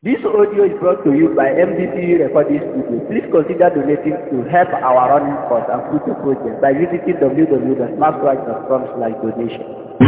This audio is brought to you by MDPU Recording Studio. Please consider donating to help our running costs and future projects by visiting www.smartwatch.com slash donation.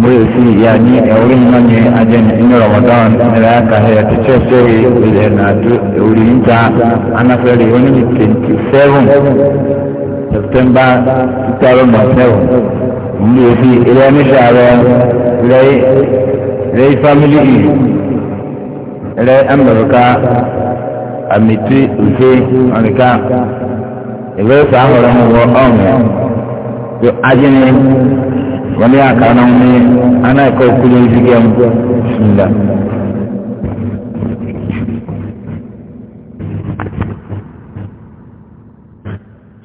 umuyo si yani uri manye ajene ino ramadan ila yaka haya tichoseri ile na uri inta anafeli oni 27 September 2007 umuyo si ile nishara ile ile family ile amerika amiti ufe onika ìwé ìfà àwọn ọmọ ọmọ ajínrín wani aka nan ne ana kawo kudin jigen bismillah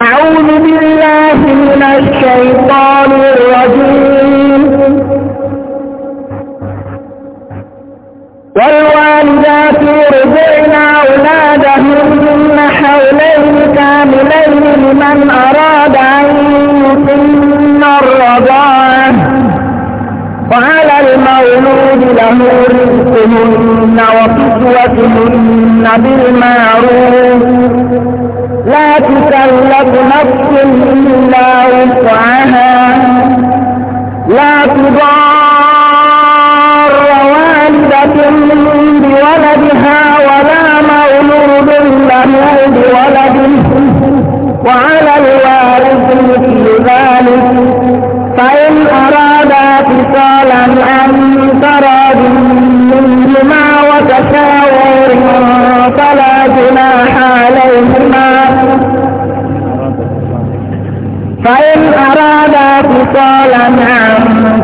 أعوذ بالله من الشيطان الرجيم والوالدات يرضعن أولادهن حولين كاملين لمن أراد يأمركن وكسوتهن بالمعروف لا تكلف نفس إلا وسعها لا تضار فإن أراد فصالا عن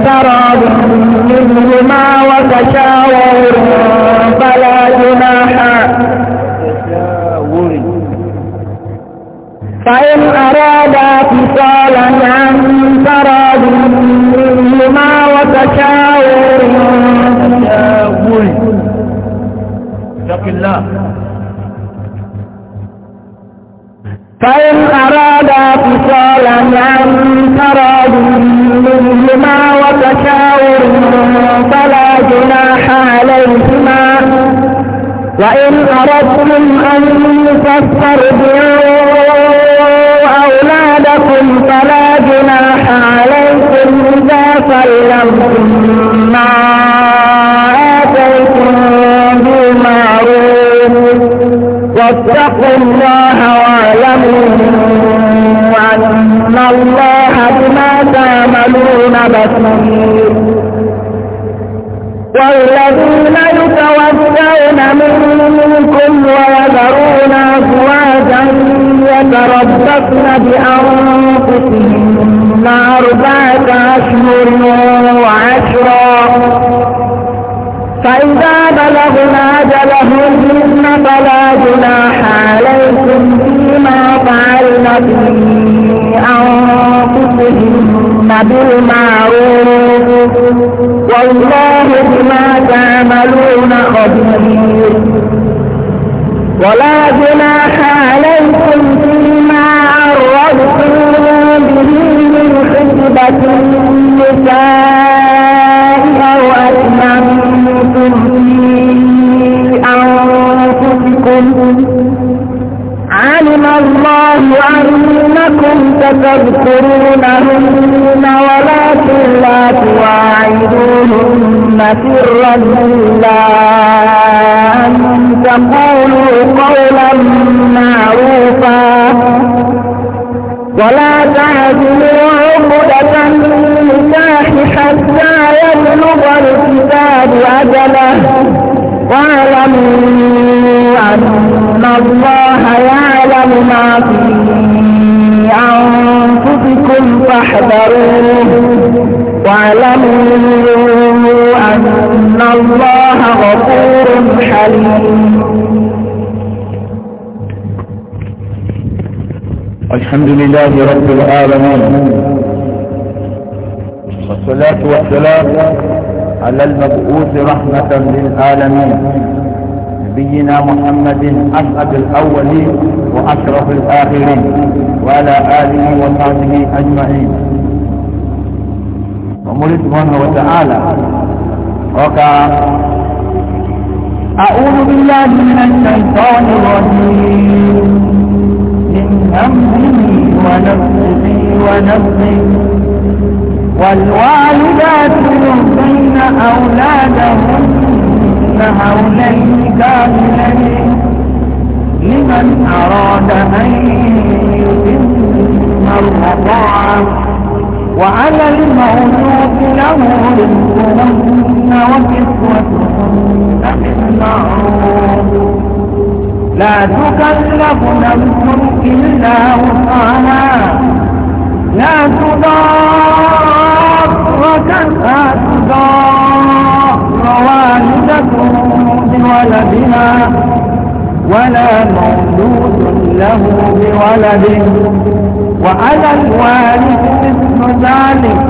تراض منهما وتشاور فلا جناح فإن أراد فصالا عن تراض منهما وتشاور اتق الله فإن أراد فصالا عن تراد منهما وتشاور فلا جناح عليهما وإن أردتم أن تسترضعوا أولادكم فلا جناح عليكم إذا سلمتم ما آتيتم بالمعروف واتقوا أن الله بما تعملون بصير والذين يتوفون منكم ويذرون أزواجا يتربصن بأنفسهن أربعة أشهر وعشرا فإذا بلغنا أجلهن فلا جناح عليهم وفي أنفسهن بالمعروف والله بما تعملون خبير ولا جناح عليكم فيما عرضتم به من خطبة النساء أو أتممتم أنكم تتذكرونهن ولكن لا تواعدوهن سرا إلا أن تقولوا قولا معروفا ولا تعزلوا عقدة النكاح حتى يبلغ الكتاب أجله واعلموا أن الله يعلم يعلم ما في أنفسكم فاحذروه واعلموا أن الله غفور حليم الحمد لله رب العالمين والصلاة والسلام على المبعوث رحمة للعالمين نبينا محمد أسعد الأولين وأشرف الآخرين وعلى آله وصحبه أجمعين ومولي سبحانه وتعالى وقال أعوذ بالله من الشيطان الرجيم من همه ونفسه ونفسه والوالدات يرضين أولادهن حوليك الذي لمن أراد أن يتم الرضاعة وعلى الموجود له رزقهن وكسوتهن بالمعروف لا تكلف نفس إلا وسعها لا تضار وكذا تضار والدة بولدها ولا مولود له بولد وعلى الوالد مثل ذلك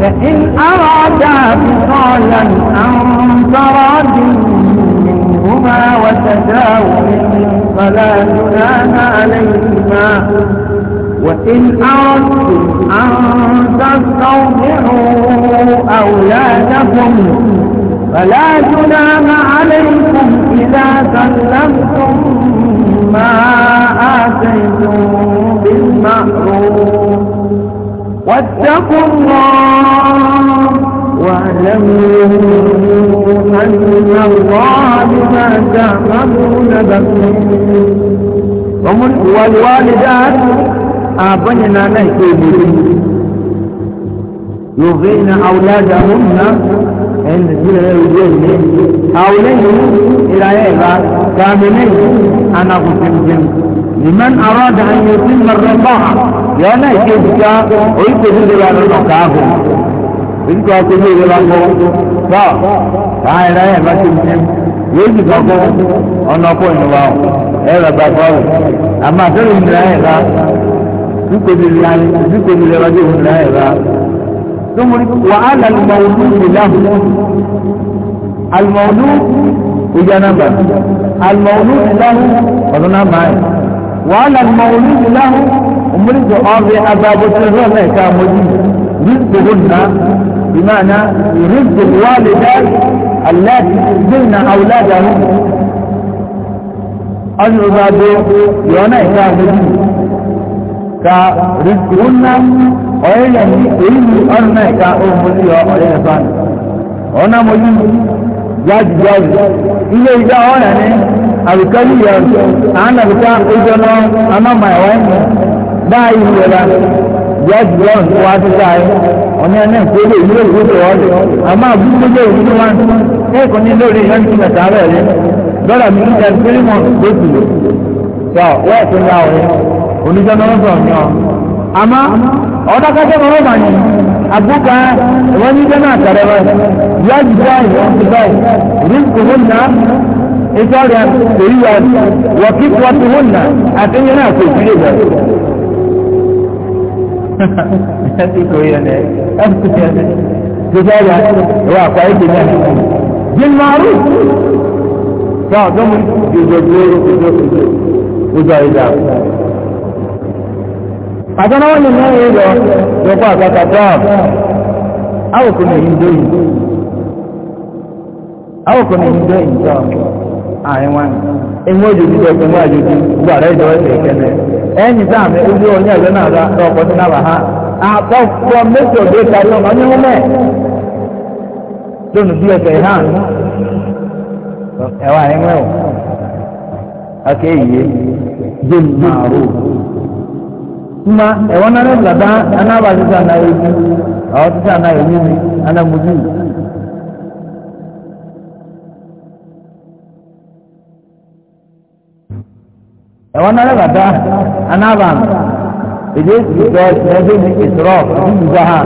فإن أرادا فصالا أن تراد منهما وتداول فلا جنان عليهما وإن أردتم أن تستودعوا أولادكم فلا جناب عليكم إذا سلمتم ما آتيتم بالمعروف واتقوا الله واعلموا أن الله بما تعملون بصير والوالدات أبننا نهتدي يرضين أولادهن ẹni ìdílé rẹ̀ ojú èlé àwọn eléyìí ìlàyé ìlà kàmínì anagùnjẹmjẹm nìmẹ́n arọ́dà ẹni tí mẹ́rin bọ́ha yọ náà ìké ìdíkà oríṣiríṣi ìdílé rẹ̀ lọ́nà káàbọ̀ oríṣiríṣi akọ́jú ìdílé rẹ̀ kọ́ tọ́ káà ìlàyé ìlà kẹ́mjẹm yóò sì kọ́ kọ́ ọ̀nà ثم وعلى المولود له المولود وجنبا المولود له قلنا معي وعلى المولود له أمريك أرض أباب الرمى كاملين رزقهن بمعنى رزق الوالدات التي تزين أولادهم أن يبادوا يونيك أمريك ka rizquna ọ̀yẹ́yẹ ní èyí ni ọ̀rùn náà ka ohun e mo ní yọ ọ̀yẹ́yẹ fan ọ̀nà mo yí jáde jáde ilé ìjà ọ̀rẹ́ ni àbùkálí yẹ àánà bùká ojú ọ̀nà anọ́mà ẹ̀wá ẹ̀mọ́ dáa yìí yẹra jáde jáde wá sí sáyé ọ̀nà ẹ̀nà ìkólé ìlú èyí tó ọ̀dẹ̀ àmọ́ àbúrò tó yẹ wá ẹ̀kọ́ ní lórí ìyá oníjọ́ lọ́wọ́sọ̀ ọ̀yọ́ àmọ́ ọ̀dọ́ kájọ́ mọ́ wà ní àbúkà ìwọ́n ní jẹ́ náà tẹ̀rẹ̀ wẹ̀ yá jù báyìí wọ́n ti báyìí rí kòwó nà ètò ọ̀rẹ́ èyí wà wọ́n kí wọ́n ti wọ́n nà àti yẹn náà kò ìdílé bẹ̀. Gbogbo ọ̀rẹ́ ìwà àpá ìdè náà. Jìnnàrú. Sọ àdọ́mú ìjọba ìjọba ìjọba ìjọba ìjọba àtọ́náwọ́ lè mẹ́rin yìí lọ lọ́pọ̀ àkàtà dọ́ọ̀b awòkò ní èyí dóyìn awòkò ní èyí dóyìn tọ́ àárín wọn ewu ojoojú tó pin wá ojoojú gbogbo àrẹ ìjọba ẹsẹ ìkẹlẹ ẹni sáàmì ojú oní ẹgbẹ náà rà lọpọ sí náà ha àpapọ̀ mẹ́sàn-án òde kárí ọmọ ní wọn mẹ́ lónìí bí ẹsẹ̀ hàn ẹwà ẹ̀wọ̀n ọkẹ́ yìí dé màrú kuma ẹ̀wọ́n náà lẹ́nu làbá anábà títà náà èyí ọ̀ títà náà èyí ni anamudi. ẹ̀wọ́n náà lẹ́nu làbá anábà èdè ìjọ ẹgbẹ́ ní ìṣòro ìdíjọ ha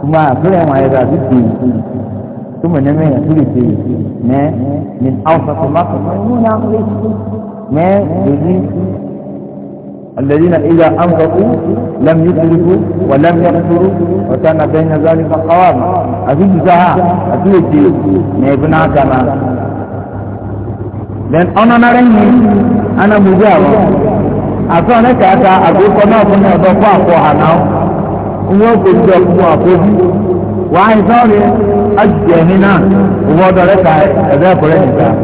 kuma àfihàn ẹ̀wọ̀n ayẹyẹ àti tèyí tuma ne mɛ tuli tèyí mɛ ní awusafo makasa mɛ èyí. الذين إذا أنفقوا لم يسرفوا ولم يقتروا وكان بين ذلك قوام أبي جزاها أبي الجيل نيبنا كما لأن أنا نرين أنا مجاوة أصلا كأتا أبي قناة من أضفاء قوهنا ويوكو جاكم أقوه وعي ثاني أجهنا ووضع لك أذاب رأيك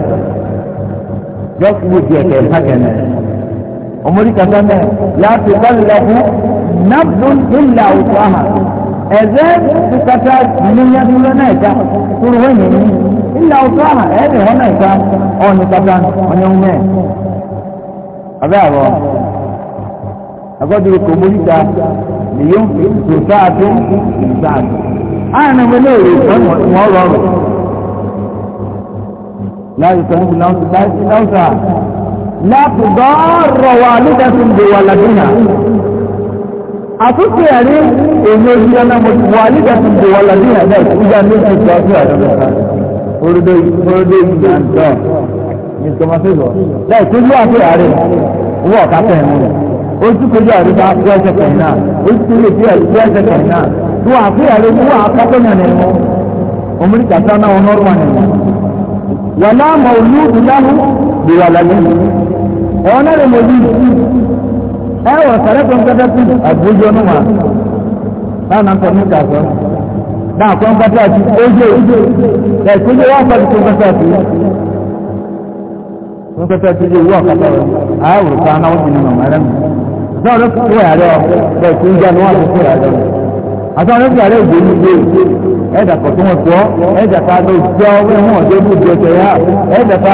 جاكم جاكم حكنا ọmọdé kan sọ́nà láti kọ́lùlọ́kù nàbdùn ìlà òkú àhà ẹ̀zẹ́ tukata níyà dúró náà ẹ̀ka kúrò wẹ̀nyẹ̀ ní ìlà òkú àhà ẹ̀ẹ́dì hàn náà ẹ̀ka ọ̀nì kata ọ̀nyẹ̀ ń mẹ́ abẹ́ àrọ̀ agbọ́dọ̀ kò mórí ta nìyẹn tó sáàtú ìsáàtú ààrùn ọmọ ilé ìwé wọn rọrùn láti sọ níbi náà لا تضار والدة بولدها àtúntì ẹ̀rí èyí ojú ẹ̀nà wàlídà ti di wà lọ́dún ẹ̀dá ìgbà méjì tó ọjọ́ àdọ́mẹ́ta orílẹ̀ èdè àǹtọ́ ní tọmatẹ́sọ̀ láì tó yú àti ààrẹ owó ọ̀ká pẹ̀lú ojú kojú àríwá pẹ́ẹ́sẹ̀ pẹ̀lú náà ojú kojú èdè pẹ́ẹ́sẹ̀ pẹ̀lú náà tó àfi ààrẹ owó àkápẹ́nà nínú omiri kàtà náà ọ̀nọ́rùmà nínú wàlá màlúù ọ̀nà rẹ̀ mọ̀ bí ẹ wọ̀ sàrẹ́ kan kẹta sí àgbójú ọ̀nà wa náà nà ń tọ́ ní kàtọ́ náà kan kẹta sí ojú ẹ̀ kójú wà pàdé kan kẹta sí kan kẹta sí ojú wà kàtà rẹ̀ àáwòrán kan náà wọ́n ti nà mọ̀ ẹ̀rẹ́ mi náà ló kó yàrá ọ̀ bẹ́ẹ̀ kó ń jẹ́ ni wọ́n á kó yàrá ọ̀ àtàwọn ọ̀rẹ́ ẹ̀dà kọ̀ tó wọn tọ́ ẹ̀dà ká ló jẹ́ ọwọ́ ẹ̀hún ọ̀dọ́ ní ìjọ tẹ̀ yá ẹ̀dà ká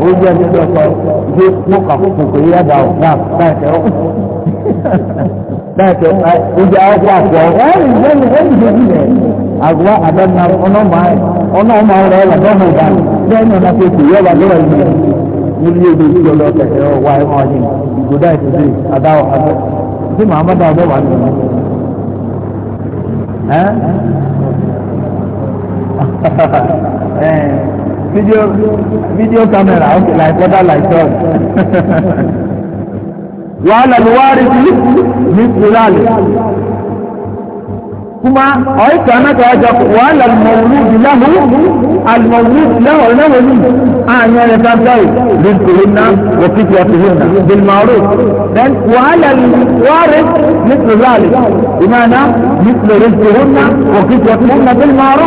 oúnjẹ ní ìjọ sọ ìgbé mọ́kà fún kò yá dà ọ̀ náà láìpẹ́ ọ́ láìpẹ́ oúnjẹ ọkọ̀ àpọ̀ àgbà àdáná ọlọ́mọ ọ̀rọ̀ ọ̀là lọ́mọ ìdáná lẹ́yìn ọ̀nà tó kù yọ̀ọ̀bà lọ́wọ́ ìgbà nílé èdè ìjọ lọ tẹ̀sẹ̀ ọ̀wá ẹ̀wọ̀n ọ̀yìn ìgbòdá ìtòdè adáwọ̀ adó tí màmá dáadọ́ wà nínú ẹ̀ Eh, video video camera okay like water like sun. wàhálà ni wàá rí sí ní kúláàlì kuma ọ̀yí kan náà wájà wàhálà mọ̀wúlùdì láhùn àlùmọ̀wúlùdì láhùn ọ̀nà wòlíì àyàn rẹ̀ sáńtàì lùkùrù náà wòkìtì ọ̀tùhùn náà bìlmọ̀rù then wàhálà wàrẹ̀ nítorí àlè ìmáàná nítorí ọ̀tùhùn náà wòkìtì ọ̀tùhùn náà bìlmọ̀rù.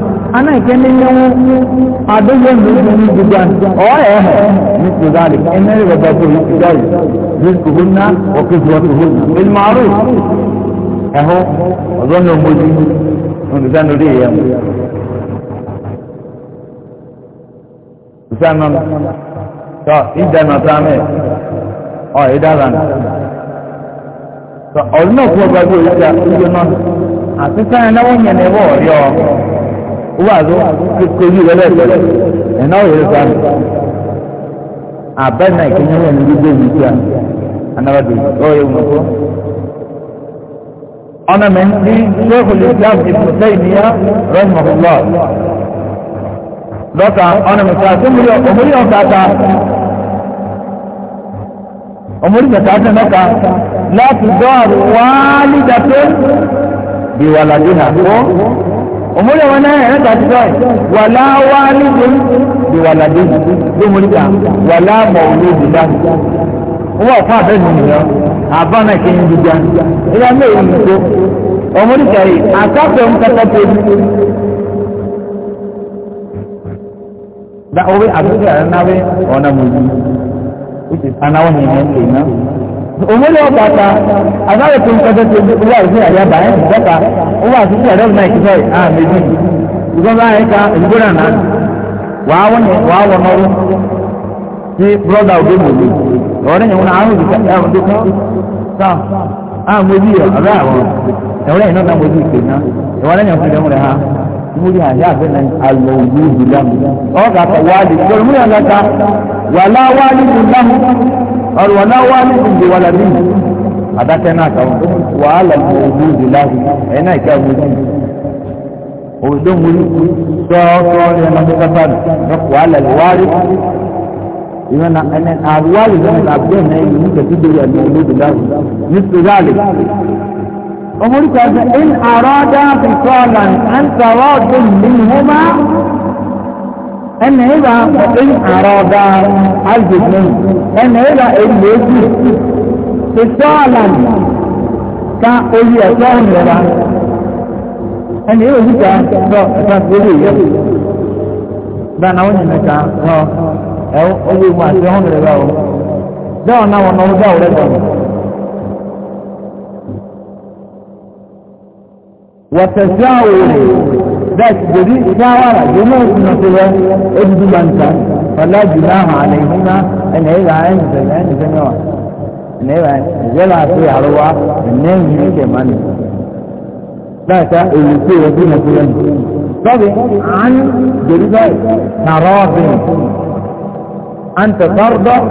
ana ikene nyewu adoye ndugu ni dugan oye mislu dhalik enere wa bakuru ikidari rizkuhunna wa kizwatuhunna bil ma'ruf eho ozono moji ndugano ri ya usanan to idana tame o idaran to olno ko bago ita ujono àti sáyẹn náwó yẹn ní ẹbọ ọ̀rẹ́ ọ wà ló kojú rẹ lẹ́sẹ̀ ẹ̀nà òye sá mi àbẹ́nà ìkíni wọn ní gbígbé mi kíá anábàdé lọ́ọ̀yẹ̀ wọn kọ́. ọ̀nà mi ní sẹ́kù lè dá ìbùn sẹ́yìn níyà rọ́ọ̀mọ̀lá lọ́ka ọ̀nà mi sọ́ra tó mú yọ òmùrí ọ̀tá ta òmùrí ọ̀tá ta lọ́ka láti dọ́ọ̀rù wáálí dàtó bí wàlàdínà kó òmùlẹ̀ wọn náà ẹ̀rẹ́ tàbí sọ́ọ̀ wàlá wá nídìí bí wàlá dé lómúlíkà wàlá mọ̀ olóògbé dáhùn wọ́n fún àbẹ́nu nìyẹn àbáná kí n dìjà ìyá mẹ́rin nìkó òmùlíkà yìí àtàkùn kẹtàkùn da owe abin da ranar wani mulki which is ana wani yankin nan òmùlò ọ̀pàtà àgbáyé tó ń kọjá tó ń wá ìfún àyà bàá ẹ̀ bọ́ta ó wà sí ẹ̀rọ náà ìkíkọ́ ẹ̀ á méjì ìgbọ́n bá ẹ̀ka ìgbóná náà wàá wọ́n yẹn wàá wọ́n náà sí bọ́dà òbí mòlì ọ̀rẹ́ yẹn wọn àrùn ìdíkà ẹ̀rọ tó kọ́ sáà á mójú ọ̀rẹ́ àwọn ẹ̀rọ yẹn náà mójú ìpè náà ìwọ́n yẹn fún ẹ̀rọ ha múlí àyà náà àlọ́ òwú ìdílé ọ̀gá wàá lè wàlá wàá lè ọ̀rọ̀wọ̀lá wá ní ìdìbò wà lábí àdákẹ́ náà kàwọn wàhálà ní ojú ìdè láàbù ẹ̀yìn náà ìkà ojú òdó múlí sọ́ọ́sọ́ ní ẹ̀ma tó kápá nù wàhálà ìwárí ìwọ̀n ẹ̀nẹ́ àwárí lọ́nà àbúrò náà yìí ní kẹ̀kẹ́ ìdè ní ojú ìdè láàbù ní sùdáàlì ọmọdé kan ṣe ń àrọ́dá fi sọ́ọ̀lá ń tọrọ́ ọdún nínú ẹnna ịba ẹyìn àrà ọba azùmí ẹnna ịba ẹyìn èjì tètè ọ̀làn ká oyi ẹ̀tọ́ ọ̀nìyàrá ẹnna ịba òjì ká tọ́ ẹ̀ka gbogbo yẹ dáná wọn yẹn ká tọ́ ẹ̀ ọ̀yẹ̀ ìwọ̀n àti ọ̀nìyàrá o dáwọn náà wọn náà wọ́n dáwọ́ rẹ̀ dọ̀nù. wọ́tẹ̀síáwò ذات جديد شاورة جنوب نصيبه ابن منسى فلا جناح عليهما ان هيدا عين سنين سنوات ان عين جلع في عروة النين هيك من ذات الوصول في نصيبه طبعا عن جريبة نراض أنت ترضى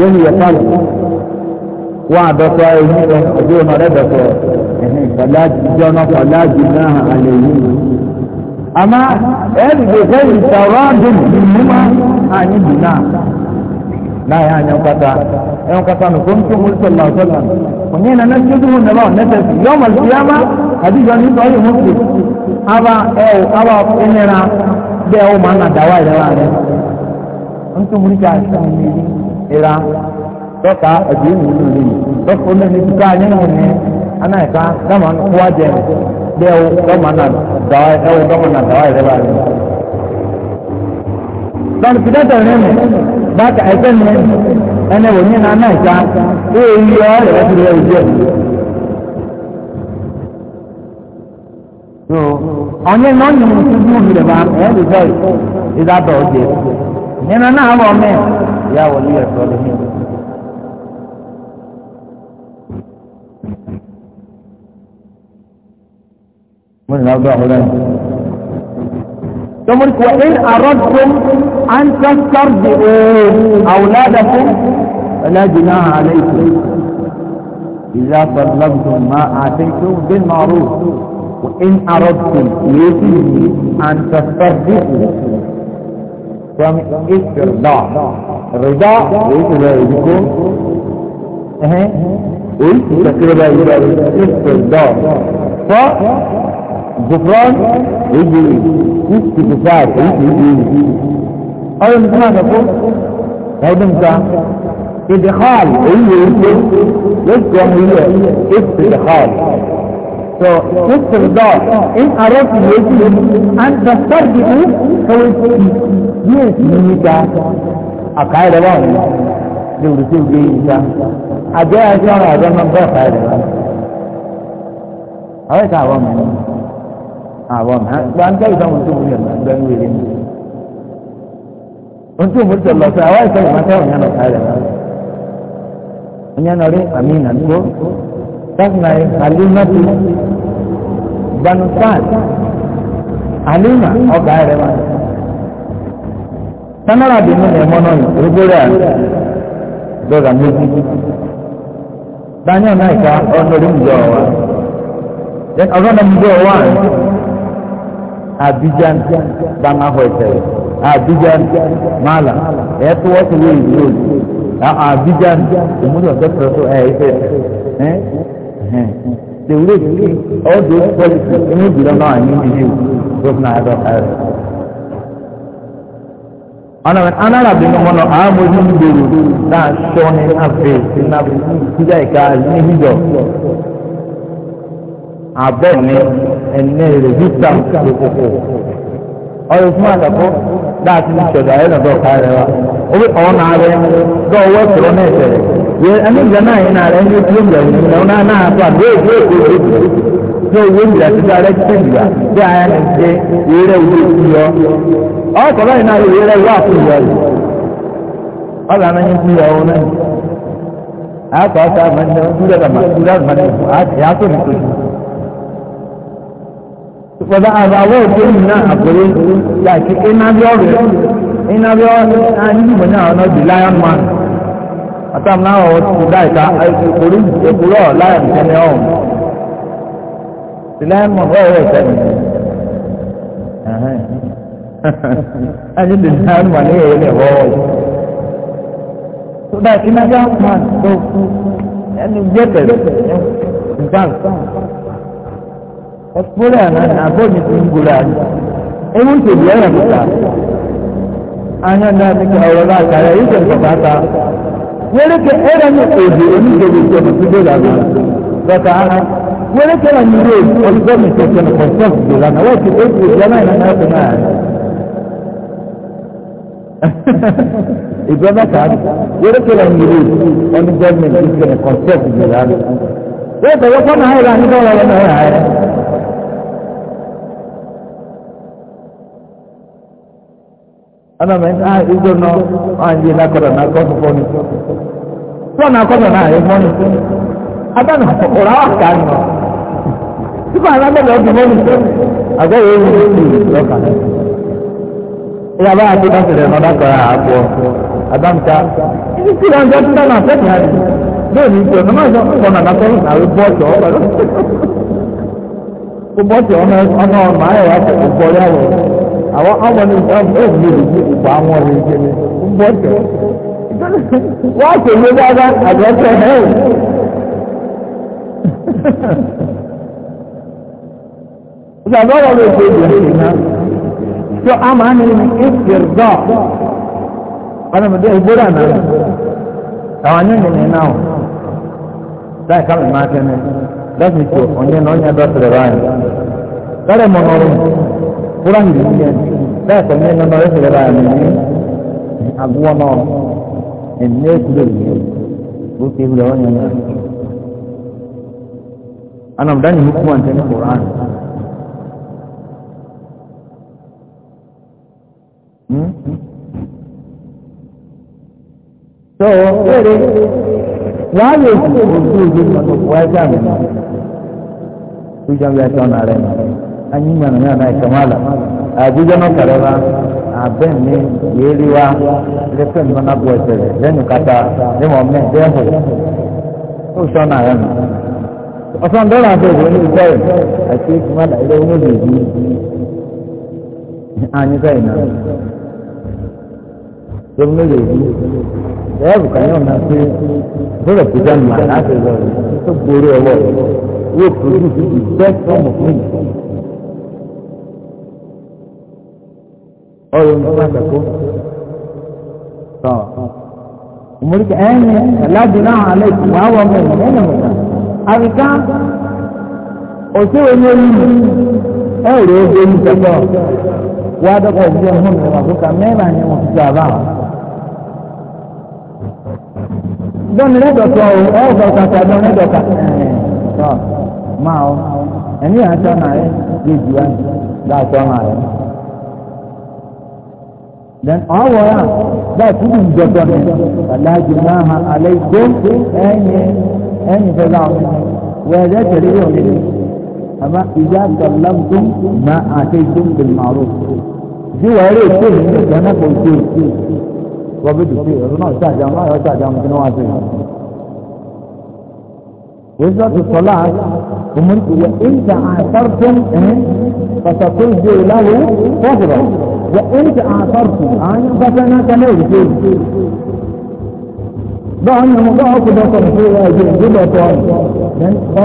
وهي طلب وعدك أيها أجوها ردك فلا جناح عليهما amma yadda ke kai tawadun minhuma an na na ya hanyar kwata kwata na kuntu na nan ba tafi mulki aba e aba inera na dawa da rane an tun mulki a cikin ne ira tọ́ka ẹ̀jẹ̀ ìwúlò lè tọ́kọ́ lẹ́ni tuka dẹ́wọ́ dọ́mọ̀nà dàwáyé dẹ́wọ́ dọ́mọ̀nà dàwáyé rẹ̀ báyìí. Báyìí pìtẹ́tẹ̀ rẹ̀ mi báka ẹ̀fẹ́ mi ẹni wò ní nana ìta ó yí ọ rẹ̀ ti rẹ̀ ìjẹ́. Ọ̀nyẹ́ náà nyẹ̀ mú mi rẹ̀ bá ẹ̀ ẹ́ dìbọ̀ ọ̀jẹ̀. Nyẹ́ nana àwọn ọmọ ẹ̀ yà wọlé ẹ̀sọ́ lómi. من الأوضاع هناك تمرك وإن أردتم أن تسترجعوا أولادكم فلا جناح عليكم إذا طلبتم ما آتيتم بالمعروف وإن أردتم يجب أن تسترجعوا فمن استرضاع الرضاع يجب ايه ايه تقريبا يبقى استرضاع gufran èyí ìsìkìfà èyí kìí di èyí ọ̀rọ̀ ní sọ́nà àgbẹ̀kọ́ ọdún ta ìdìkọ́l èyí yẹn ṣe yóò kọ́ ọmọ ilé ìsìkìfà so ìsìkìfà in arọ́pù yóò ṣe and the study is so it's yóò ṣe ní ta àkàyèrè wà wọn ní olùsí ògbé yìí ta àjẹ́ àjọ àjọ náà bẹ́ẹ̀ kàyèrè wà. àwọn ìta àwọn mẹ́rin àwọn ha gba ń tẹ́lẹ̀ sáwọn tó wúlò náà gbẹ́ wíwèrè mi. Ntú òmùrí tó lọ sí àwọn ìsọ̀rọ̀ máa tẹ́wọ̀n yẹn lọ káyọ̀ náà. Onye nọ rí àmì ìnàdúró. Sáfìnàì Halimatu Banufan Halima ọgá rẹ̀ wá. Sanara bí mi nà ẹ̀mọ́ náà yìí, orúkúrẹ́ à méjì. Báyọ̀ náà ìka ọ̀nà orí mi jọ wa. Ọ̀gá náà mi jọ wa. Abidjan Bama Hotel, Abidjan Mala, Airport Way Road, Abidjan, ìmúlò ọ̀dọ́tọ̀ tó ẹ̀ ẹ̀ ẹ̀ ẹ̀ they wait till all those policies ẹni jùlọ náà ní ìdílé gómìnà ẹ̀dọ́ ẹ̀rọ. ọ̀nà wọn anára bí wọn náà àwọn ọmọ ìlú ń gbèrò náà sọ ní àfẹ́ sí náà ìjà ìka ní abẹ́ni ẹni rẹ̀jísítà òkòkò ọ̀rọ̀ fún àdàkọ́ láti ní ìṣẹ̀dá ẹ̀rọ dọ̀ka rẹ̀ wa orí ọ̀hún náà rẹ̀ dọ̀wọ́ ìṣòro náà ẹ̀ṣẹ̀ rẹ̀ yẹ ẹni ìgbà náà yìí náà rẹ̀ ní ojú ìgbà yìí náà náà náà tó àdó èdè èdè èdè ní owó ìgbà tí ó rẹ̀ ti ìgbà bí ara ní ìfọdà àbáwọ̀ òkú yìí náà àpòlé láti inábíọ́ rẹ̀ inábíọ́ nígbìmọ̀ náà ọ̀nà jù lion man àtàwọn náà wọ́n ti dá ìta ìkòrí ìkòrọ̀ lion tẹ́lẹ̀ ọ̀hún ti lion man wọ́n wọ́n tẹ́lẹ̀ ẹni lè lion man ní èyí lè wọ́wọ́ yìí tó dá ìkínábíọ́ man tó kú ẹni jẹ́ bẹ̀rẹ̀ nígbà ẹ̀kúrẹ́ àná ní abọ́ni ti ń gbúra ní ewu ń tèbi ẹ̀yàn kúta anya náà ní ọ̀rọ̀ náà kàrẹ́ yìí tẹ̀sán bàtà wẹ́rẹ́ kẹ ẹ̀rọ ní òdì onígbèbè tẹ̀sán tó dé lànà bàtà ana wẹ́rẹ́ kẹ ẹ̀rọ ní ilé ọ̀dọ́ mi tẹ̀sán kọ̀ọ̀tẹ́f tó lànà wọ́n ti ètò ìjọ náà ní ẹ̀kọ́ náà ìjọ mẹ́ta wẹ́rẹ́ kẹ ẹ̀rọ ní ilé ọ̀dọ́ mi tẹ̀sán kọ̀ọ̀tẹ́f tó lànà wọ́n tẹ̀wọ́ ana mɛ a idzo nɔ anyi na kɔdɔ na kɔdɔ fɔni fɔ na kɔdɔ na ayi fɔni aba na ɔra wa ka nɔ tukɔ ala bɛ lɛ ɔdun fɔni agbɛ yɛ ewu ewu lɔka yaba ati ka sɛlɛ n'ɔda kɔ ya akpɔ adam ka ibi ti la ŋdɔ ti ta na fɛ ti ayi bɛɛ ni idzo nɔ ma zɔ kɔ na na kɔdɔ na awi bɔ tɔ ɔbɛ lɔ kó bɔ tɔ ɔnɔ ɔnɔ ɔnɔ ayɛ wa kɔ bɔ ya àwọn ọmọ ní nǹkan ẹ̀ ń lè ní ìpa àwọn ọ̀rẹ́ ìjẹni ń bọ́ jọ. wọ́n á kò lé dáadáa àgbẹ̀tẹ̀ ẹ̀ ò. ìgbàgbọ́ wọn lè ṣe ìgbà yìí náà tó a máa ní ìfìrdọ́ ọlọ́mọdé ìgbóra náà àwọn yóò nyìnyín náà láì ká mi máa tẹ́lẹ̀ lọ́sìn tó ọ̀nyẹ́ náà ọ̀nyẹ́ dọ́tẹ̀rẹ̀ báyìí lọ́rẹ̀ mọ̀ náà kúrò ní ìdílé bẹ́ẹ̀ kọ́ ní ẹnu náà yóò ṣẹlẹ̀ báyìí ní agbóhùn náà ẹ̀mí ní èkúrò yìí ó ti wúlò wọn yẹn náà. ana mdani hukumu anteni Qur'an hmm? so wale wale kuhusu jinsi ya kuwaja mimi kujambia tona leo anyi nyana nyana na kamala ajuja no kareba aben ni yeriwa lepe no na bwesere lenu kata ni mo me de ho o so na ya no ọsàn dọ́là ṣe ìwé ní ìfẹ́ àti ìfúnmọ́lá ilé oníbìbí àyíká ìná lómìnira èyí ẹ̀rù kàyọ̀ náà pé bọ́lá kúta mà láti lọ rẹ̀ tó borí ọwọ́ rẹ̀ yóò produce the best form of meat ọrùn nípa àgbẹ̀kọ́ tọ́ òmùrìkì ẹ̀yìn ẹ̀ládùnà àlẹ́ ìkùnwá wọ mẹ́rin lẹ́nu mọ̀tà àbíká òṣèré ní orí ẹ̀rọ ogun ní tẹ́tọ́ wá dọ́kọ̀ òbí ọ̀hún mi wà fúkà mẹ́rin àní wọn ti àbá dọ́ni lẹ́dọ̀tọ̀ ọ̀ọ́fọ̀ kàtà dọ́ni lẹ́dọ̀kà tọ́ máa ọ ẹ̀mí àtọ́ náà rẹ̀ lè jù wá ní láàtọ́ náà rẹ̀. dan awara ba ku din jaba ne Allah jinaha alaikum ayni ayni fa za wa za ta riyo ne amma idza kallamtum ma ataytum bil ma'ruf ji ware ce ne da na ko ce wa bi ce runa ta jama'a ya ta jama'a kuma wace وزارة الصلاة ومن إذا إن تعاثرتم فستلجئ له فهرا وإن تعاصرت أن فتنا كليك ضعن مضاعف بطر في واجه بطر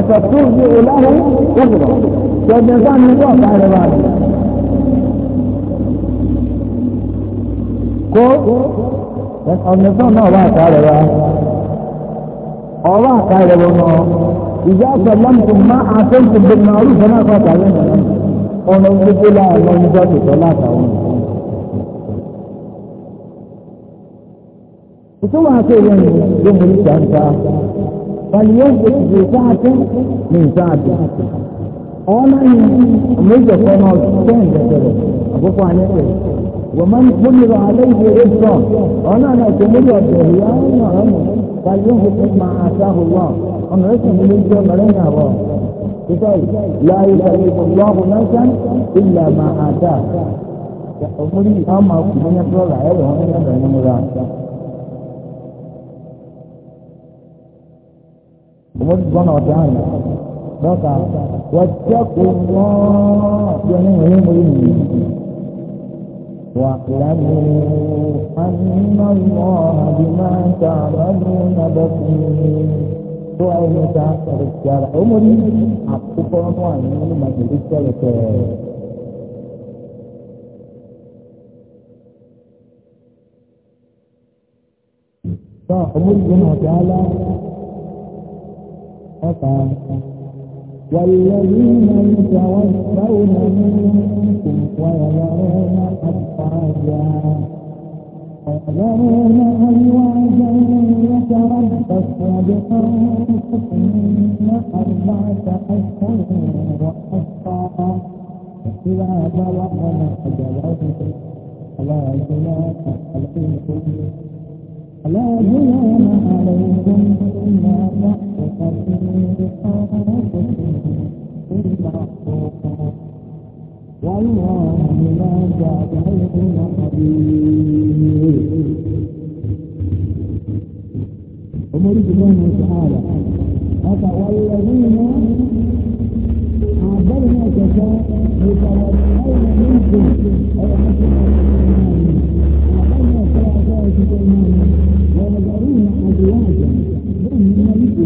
فترجع له كبرى فالإنسان يضاف على ذلك كو النظام ما واقع على ذلك أواقع على ذلك إذا سلمتم ما عصيتم بالمعروف فلا فاتح لنا أنا أقول لا أنا مجرد صلاة أنا kutoa hatua yenu jambo hili sasa waliweze kujisaati ni saati ona ni mmoja kama ukitenda sasa hapo anete ومن قدر عليه رزقه انا انا جميل الدنيا انا انا فلينفق ما اتاه الله انا ليس من الجنه لنا الله لا يكلف الله نفسا الا ما اتاه يا امري اما من يطلع ايوه انا انا ọmọdé gbọ́nà ọ̀tá àná lọ́ka wọ́tẹ́kù wọ́n tí wọ́n ní ìwé mọ́ yìí nìyí. واعلموا أن الله بما تعملون بصير tó àwọn ọmọ ta ọ̀rọ̀ ti ara ó mọ̀ ní àkókò ọmọ فقط والذين يتوفون منكم ويرون أزواجا ويرون أزواجا يتربصن بأنفسهن أربعة أشهر وأشهر فإذا بلغنا أجلهم فلا جناح عليكم لا جناح عليكم فيما تحتفظون بأنفسكم والله بما تعملون خبير أمر سبحانه وتعالى أفوالذين عبرنا كفاء يتولون منكم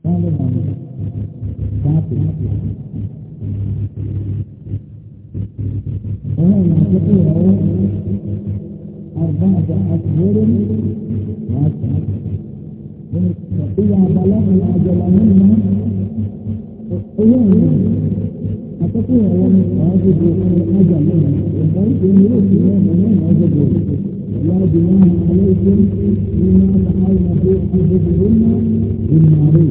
Kalau mana Satu Orang yang kedua Arba'a ashur Masa Ia balagna ajalahunna Uyanna Atakuwa wa min wajibu Ajalahunna Yang baik ini Yang baik ini Yang baik ini لا جناح عليكم فيما فعلنا في انفسكن بالمعروف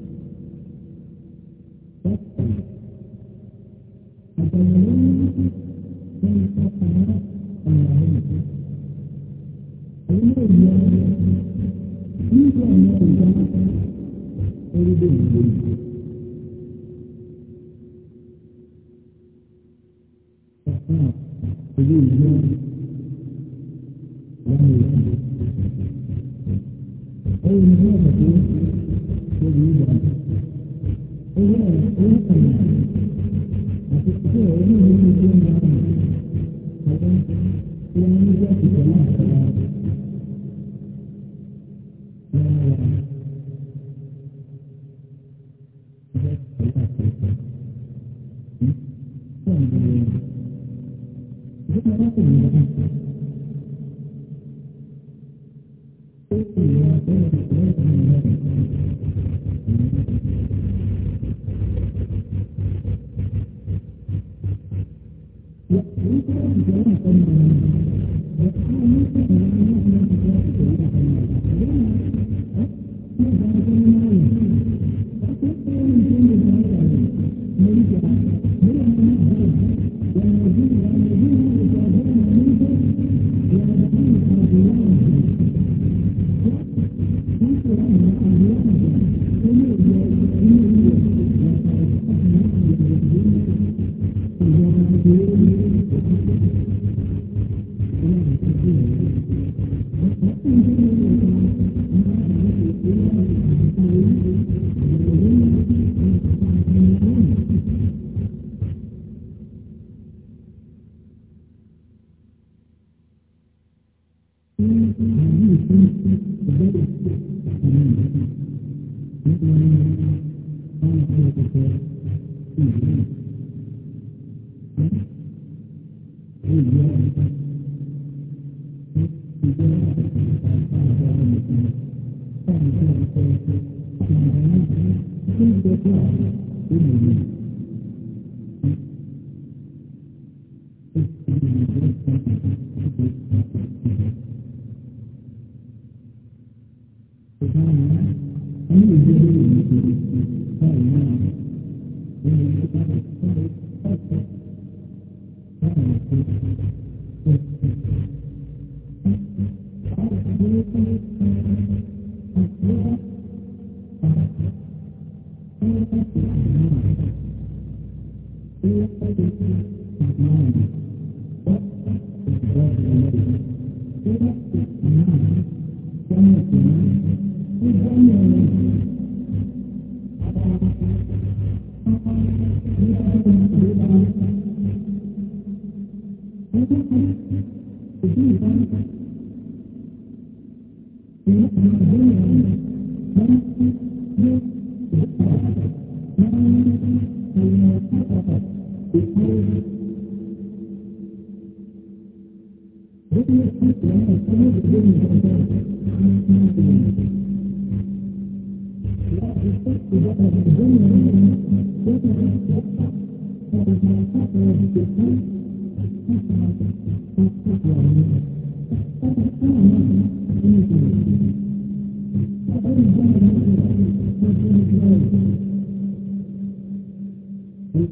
Gracias.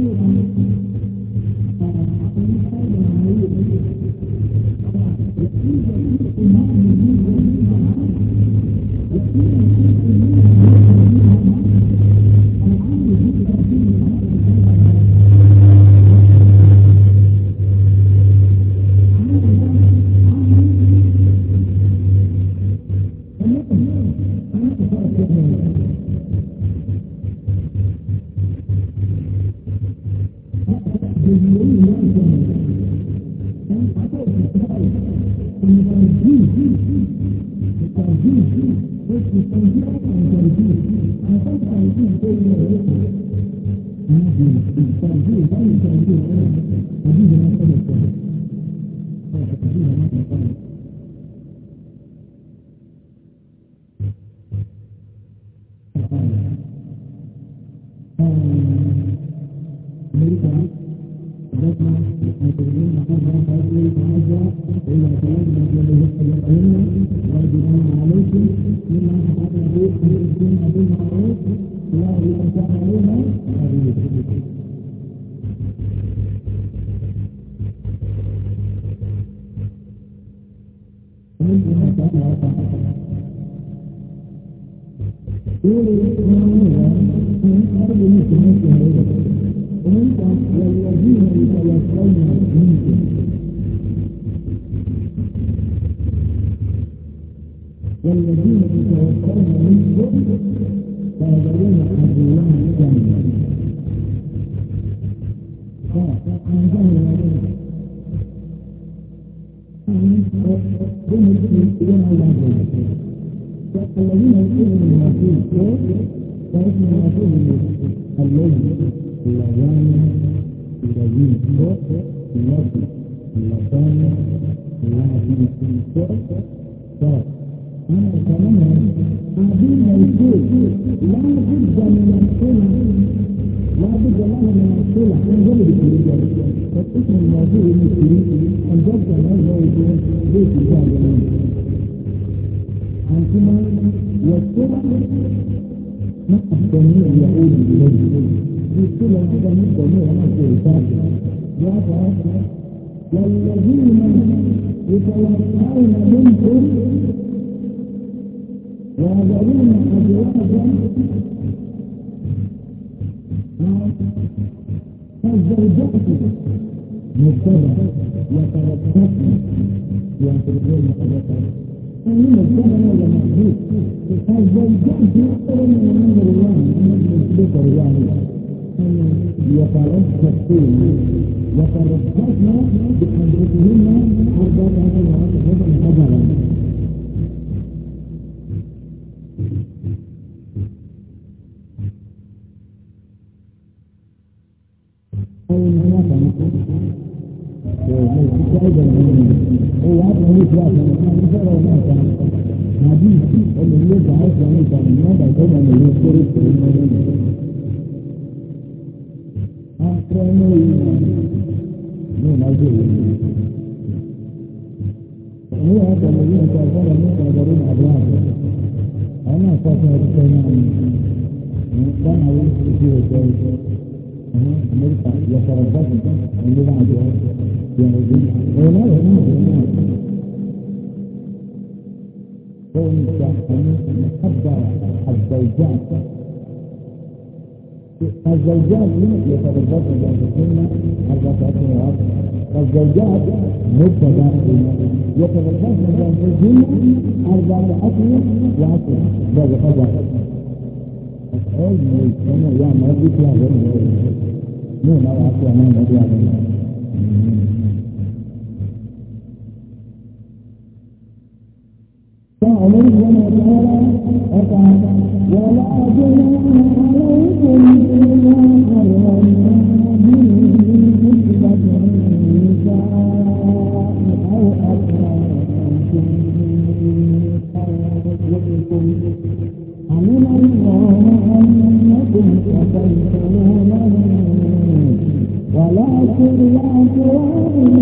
Mm-hmm. tunafanya tunayozidi kumtoa sawa ana kamana adina ukweli labda ninasema labda lana ninasema angoni vikurudia katika maudhui mkiriki ambapo anayezo vitu vya jamii anasema wasema na kutumia Yahudi vilevile. Ni kila mtu anayetumia na kuhitaji. Yapo والذين يتوفون منكم ويذرون أزواجا فالزوجات مبتلى يتوفون ينفقون أجرهم فمن الزمن ولا محدود فالزوجات يقتلون من الله من الله يتردد يترددنا بقدرتهن حتى تتردد حجرا Thank you. ẹnu èèyàn ní ìnájú èèyàn. Ní ọ̀dọ̀ mi yóò sọ ìfọ́dọ̀ ní ìgbàgbọ́dọ̀ ní àdúrà rẹ̀. Àwọn náà sọ fún ẹbí sọ náà ní ìgbàna wọn ti fi ọjọ́ ìjọ. Amẹ́ríkà yọ sọ̀rọ̀ bọ́ọ̀lù ẹni náà jọ ìyẹn ojú. Ẹ̀rọ náà yẹn náà yẹn náà. Bẹ́ẹ̀ni ìjà àwọn àgbà àgbà ìjà àgbà. الزوجات لا يتربصن بانفسهن حتى تاتي فالزوجات مبتدا يتربصن بانفسهن اربعه اشهر وعشر هذا قدر علم السنه يا مرضي يا غير مو ما يعطيها ما يعطيها عليهم خيرا أتعب ولا جناح عليكم إلا قررنا به نسبة النساء أو أكرمتم أنفسكم علم الله أنكم ستنسلون ولكن لا تراهن